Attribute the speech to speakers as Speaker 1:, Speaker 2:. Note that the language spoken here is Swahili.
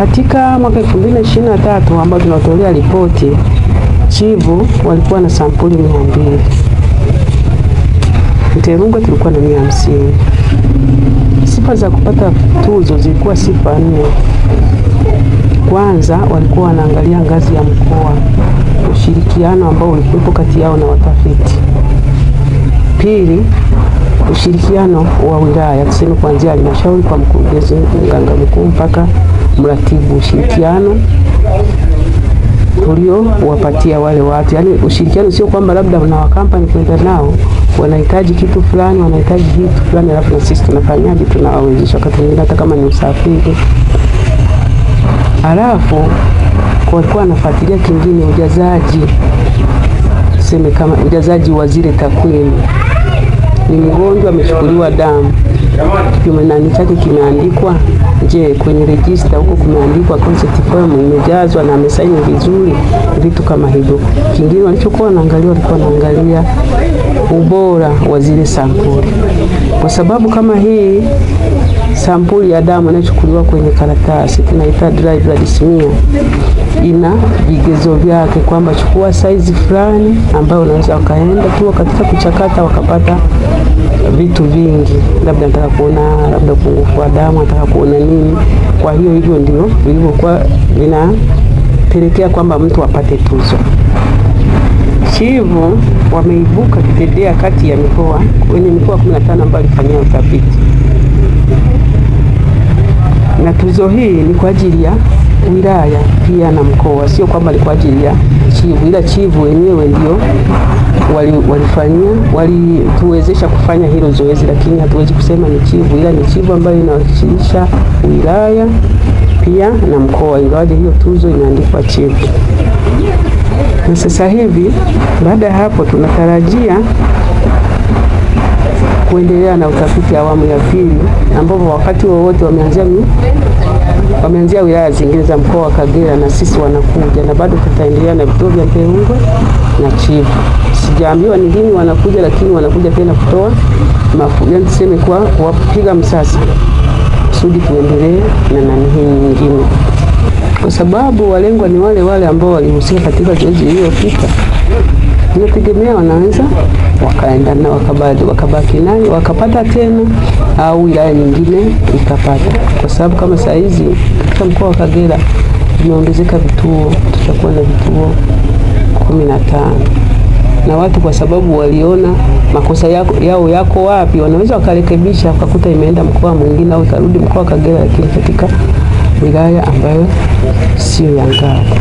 Speaker 1: Katika mwaka 2023 ambao tunatolea ripoti, chivu walikuwa na sampuli 200, Mterungwa tulikuwa na 150. Sifa za kupata tuzo zilikuwa sifa nne. Kwanza walikuwa wanaangalia ngazi ya mkoa, ushirikiano ambao ulikuwepo kati yao na watafiti. Pili, ushirikiano wa wilaya, tuseme kuanzia halmashauri kwa mkurugenzi, mganga mkuu mpaka mratibu ushirikiano tuliowapatia wale watu. Yani ushirikiano sio kwamba labda na wa kwenda nao wanahitaji kitu fulani, wanahitaji kitu fulani, alafu na sisi tunafanyaje? Tunawawezesha wakati mwingine hata kama ni usafiri. Alafu walikuwa wanafuatilia kingine, ujazaji seme kama ujazaji wa zile takwimu, ni mgonjwa amechukuliwa damu kimanani chake kimeandikwa. Je, kwenye rejista huko kumeandikwa consent form imejazwa na amesaini vizuri, vitu kama hivyo. Kingine walichokuwa wanaangalia, walikuwa wanaangalia ubora wa zile sampuli, kwa sababu kama hii sampuli ya damu inachukuliwa kwenye karatasi tunaita dry blood smear, ina vigezo vyake kwamba chukua saizi fulani ambayo unaweza ukaenda tu katika kuchakata wakapata vitu vingi, labda nataka kuona labda upungufu wa damu, nataka kuona nini. Kwa hiyo hivyo ndio vilivyokuwa vinapelekea kwamba mtu apate tuzo. Chivu wameibuka kidedea kati ya mikoa kwenye mikoa 15 ambayo ilifanyia utafiti na tuzo hii ni kwa ajili ya wilaya pia na mkoa, sio kwamba ni kwa ajili ya chivu, ila chivu wenyewe ndio walifanyia walituwezesha kufanya hilo zoezi, lakini hatuwezi kusema ni chivu, ila ni chivu ambayo inawakilisha wilaya pia na mkoa, ingawaje hiyo tuzo inaandikwa chivu. Na sasa hivi baada ya hapo tunatarajia kuendelea na utafiti awamu ya pili, ambapo wakati wowote wameanzia wameanzia wilaya zingine za mkoa wa Kagera na sisi wanakuja, na bado tutaendelea na vituo vya Mpeungwe na Chivu. Sijaambiwa ni lini wanakuja, lakini wanakuja tena kutoa mafunzo, yaani tuseme kwa kuwapiga msasa kusudi tuendelee na nani hii nyingine, kwa sababu walengwa ni wale wale ambao walihusika katika zoezi lililopita inategemea wanaweza wakaenda na wakabaki, wakabaki nayo wakapata tena, au wilaya nyingine ikapata, kwa sababu kama saa hizi katika mkoa wa Kagera imeongezeka vituo, tutakuwa na vituo kumi na tano na watu kwa sababu waliona makosa yako, yao yako wapi, wanaweza wakarekebisha, wakakuta imeenda mkoa mwingine au ikarudi mkoa wa Kagera, lakini katika wilaya ambayo sio ya Ngara.